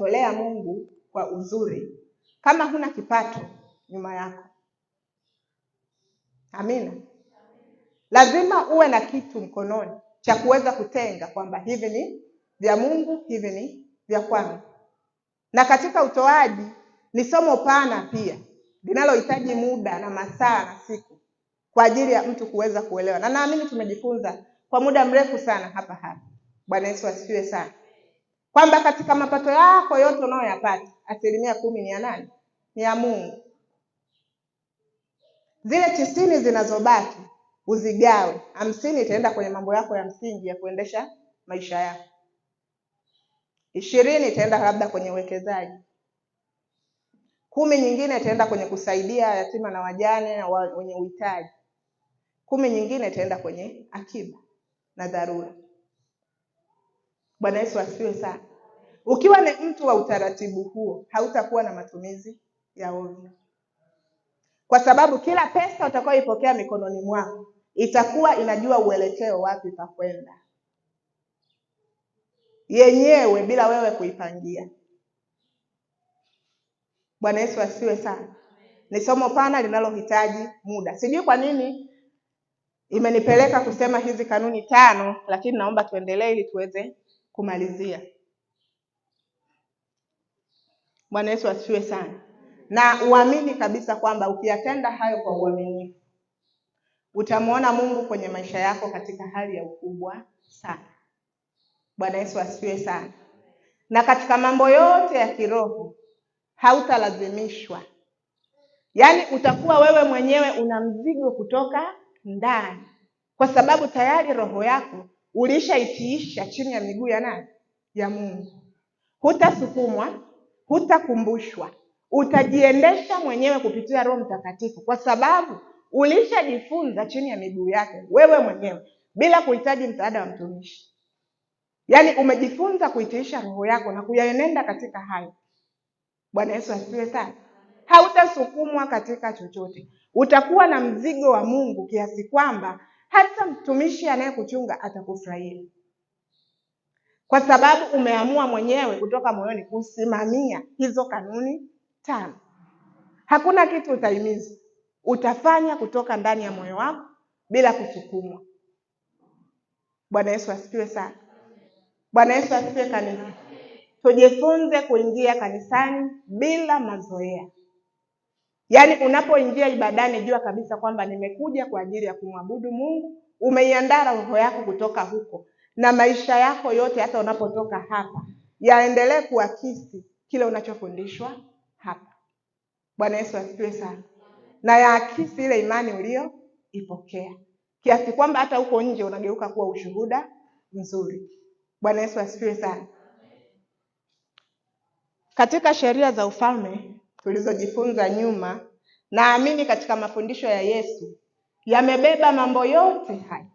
unamtolea Mungu kwa uzuri, kama huna kipato nyuma yako. Amina. Lazima uwe na kitu mkononi cha kuweza kutenga kwamba hivi ni vya Mungu, hivi ni vya kwangu. Na katika utoaji ni somo pana pia linalohitaji muda na masaa na siku kwa ajili ya mtu kuweza kuelewa, na naamini tumejifunza kwa muda mrefu sana hapa hapa. Bwana Yesu asifiwe sana kwamba katika mapato yako yote unayoyapata asilimia kumi ni ya nani? Ni ya Mungu. Zile tisini zinazobaki uzigawe, hamsini itaenda kwenye mambo yako ya msingi ya kuendesha maisha yako, ishirini itaenda labda kwenye uwekezaji, kumi nyingine itaenda kwenye kusaidia yatima na wajane na wenye uhitaji, kumi nyingine itaenda kwenye akiba na dharura. Bwana Yesu asifiwe sana. Ukiwa ni mtu wa utaratibu huo, hautakuwa na matumizi ya ovyo, kwa sababu kila pesa utakayoipokea mikononi mwako itakuwa inajua uelekeo wapi pa kwenda yenyewe bila wewe kuipangia. Bwana Yesu asiwe sana. Ni somo pana linalohitaji muda. Sijui kwa nini imenipeleka kusema hizi kanuni tano, lakini naomba tuendelee ili tuweze kumalizia. Bwana Yesu asifiwe sana, na uamini kabisa kwamba ukiyatenda hayo kwa uaminifu utamwona Mungu kwenye maisha yako katika hali ya ukubwa sana. Bwana Yesu asifiwe sana. Na katika mambo yote ya kiroho hautalazimishwa, yaani utakuwa wewe mwenyewe una mzigo kutoka ndani, kwa sababu tayari roho yako ulishaitiisha chini ya miguu ya nani? Ya Mungu. Hutasukumwa, hutakumbushwa, utajiendesha mwenyewe kupitia Roho Mtakatifu, kwa sababu ulishajifunza chini ya miguu yake wewe mwenyewe bila kuhitaji msaada wa mtumishi. Yaani umejifunza kuitiisha roho yako na kuyaenenda katika hayo. Bwana Yesu asifiwe sana. Hautasukumwa katika chochote, utakuwa na mzigo wa Mungu kiasi kwamba hata mtumishi anayekuchunga atakufurahia, kwa sababu umeamua mwenyewe kutoka moyoni kusimamia hizo kanuni tano. Hakuna kitu utaimiza, utafanya kutoka ndani ya moyo wako bila kusukumwa. Bwana Yesu asifiwe sana. Bwana Yesu asifiwe kanisa. Tujifunze kuingia kanisani bila mazoea. Yaani unapoingia ibadani, jua kabisa kwamba nimekuja kwa ajili ya kumwabudu Mungu. Umeiandaa roho yako kutoka huko, na maisha yako yote hata unapotoka hapa yaendelee kuakisi kile unachofundishwa hapa. Bwana Yesu asifiwe sana, na yaakisi ile imani uliyoipokea kiasi kwamba hata huko nje unageuka kuwa ushuhuda mzuri. Bwana Yesu asifiwe sana. Katika sheria za ufalme tulizojifunza nyuma, naamini katika mafundisho ya Yesu yamebeba mambo yote haya.